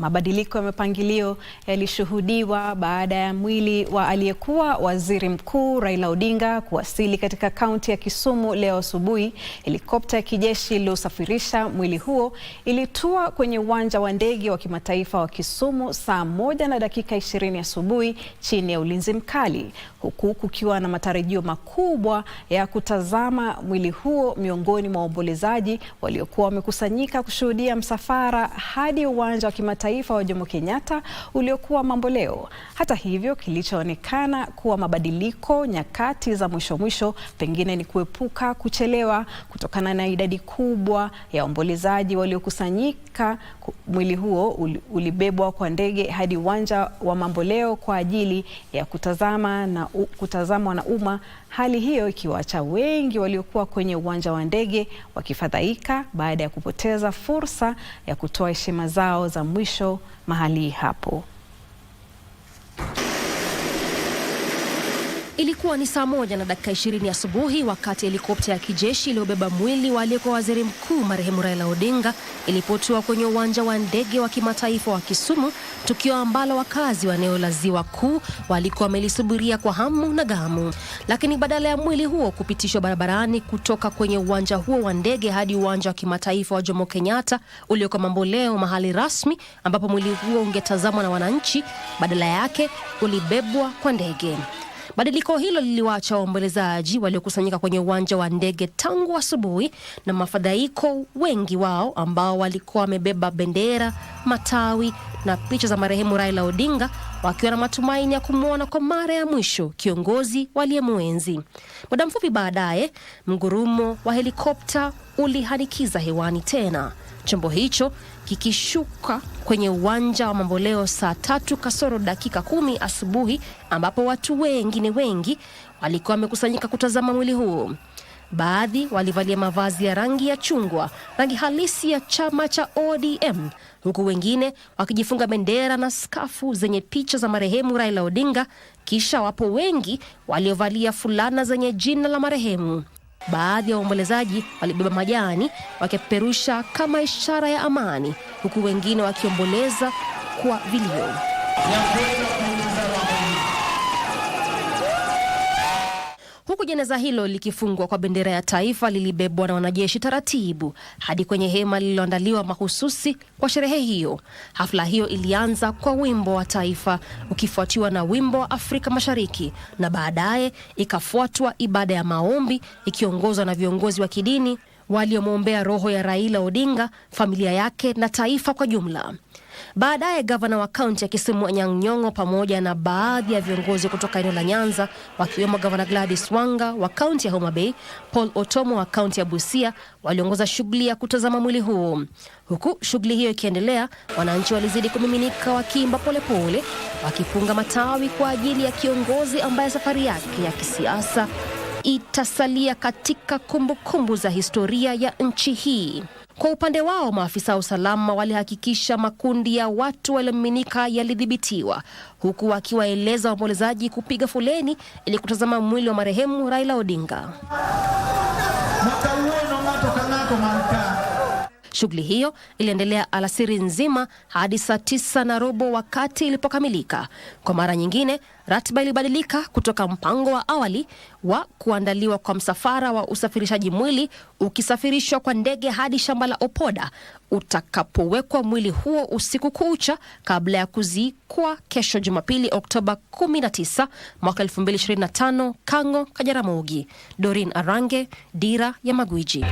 Mabadiliko ya mipangilio yalishuhudiwa baada ya mwili wa aliyekuwa waziri mkuu Raila Odinga kuwasili katika kaunti ya Kisumu leo asubuhi. Helikopta ya kijeshi iliyosafirisha mwili huo ilitua kwenye uwanja wa ndege wa kimataifa wa Kisumu saa moja na dakika ishirini asubuhi chini ya ulinzi mkali, huku kukiwa na matarajio makubwa ya kutazama mwili huo miongoni mwa waombolezaji waliokuwa wamekusanyika kushuhudia msafara hadi uwanja wa kimataifa Taifa wa Jomo Kenyatta uliokuwa mambo leo Hata hivyo, kilichoonekana kuwa mabadiliko nyakati za mwisho mwisho pengine ni kuepuka kuchelewa kutokana na idadi kubwa ya waombolezaji waliokusanyika. Mwili huo ulibebwa kwa ndege hadi uwanja wa mamboleo kwa ajili ya kutazama na kutazamwa na umma hali hiyo ikiwaacha wengi waliokuwa kwenye uwanja wa ndege wakifadhaika baada ya kupoteza fursa ya kutoa heshima zao za mwisho mahali hapo. Ilikuwa ni saa moja na dakika ishirini asubuhi wakati helikopta ya kijeshi iliyobeba mwili wa aliyekuwa waziri mkuu marehemu Raila Odinga ilipotua kwenye uwanja wa ndege wa kimataifa wa Kisumu, tukio ambalo wakazi wa eneo la Ziwa Kuu walikuwa wamelisubiria kwa hamu na gamu. Lakini badala ya mwili huo kupitishwa barabarani kutoka kwenye uwanja huo wa ndege hadi uwanja wa kimataifa wa Jomo Kenyatta ulioko Mamboleo, mahali rasmi ambapo mwili huo ungetazamwa na wananchi, badala yake ulibebwa kwa ndege. Badiliko hilo liliwaacha waombolezaji waliokusanyika kwenye uwanja wa ndege tangu asubuhi na mafadhaiko, wengi wao ambao walikuwa wamebeba bendera, matawi na picha za marehemu Raila Odinga wakiwa na matumaini ya kumwona kwa mara ya mwisho kiongozi waliyemwenzi. Muda mfupi baadaye, mgurumo wa helikopta ulihanikiza hewani tena, chombo hicho kikishuka kwenye uwanja wa Mamboleo saa tatu kasoro dakika kumi asubuhi, ambapo watu wengine wengi walikuwa wamekusanyika kutazama mwili huo. Baadhi walivalia mavazi ya rangi ya chungwa, rangi halisi ya chama cha ODM, huku wengine wakijifunga bendera na skafu zenye picha za marehemu Raila Odinga. Kisha wapo wengi waliovalia fulana zenye jina la marehemu. Baadhi ya waombolezaji walibeba majani wakipeperusha kama ishara ya amani, huku wengine wakiomboleza kwa vilio. Huku jeneza hilo likifungwa kwa bendera ya taifa, lilibebwa na wanajeshi taratibu hadi kwenye hema lililoandaliwa mahususi kwa sherehe hiyo. Hafla hiyo ilianza kwa wimbo wa taifa ukifuatiwa na wimbo wa Afrika Mashariki na baadaye ikafuatwa ibada ya maombi ikiongozwa na viongozi wa kidini waliomwombea roho ya Raila Odinga, familia yake na taifa kwa jumla. Baadaye gavana wa kaunti ya Kisumu Anyang' Nyong'o pamoja na baadhi ya viongozi kutoka eneo la Nyanza wakiwemo gavana Gladys Wanga wa kaunti ya Homa Bay, Paul Otomo wa kaunti ya Busia waliongoza shughuli ya kutazama mwili huo. Huku shughuli hiyo ikiendelea, wananchi walizidi kumiminika wakiimba polepole, wakipunga matawi kwa ajili ya kiongozi ambaye safari yake ya kisiasa itasalia katika kumbukumbu kumbu za historia ya nchi hii. Kwa upande wao, maafisa wa usalama walihakikisha makundi ya watu waliomiminika yalidhibitiwa, huku wakiwaeleza waombolezaji kupiga foleni ili kutazama mwili wa marehemu Raila Odinga. Shughuli hiyo iliendelea alasiri nzima hadi saa tisa na robo wakati ilipokamilika. Kwa mara nyingine, ratiba ilibadilika kutoka mpango wa awali wa kuandaliwa kwa msafara wa usafirishaji mwili ukisafirishwa kwa ndege hadi shamba la Opoda utakapowekwa mwili huo usiku kucha kabla ya kuzikwa kesho Jumapili Oktoba 19 mwaka 2025, Kang'o, Kajaramogi. Dorin Arange, Dira ya Magwiji.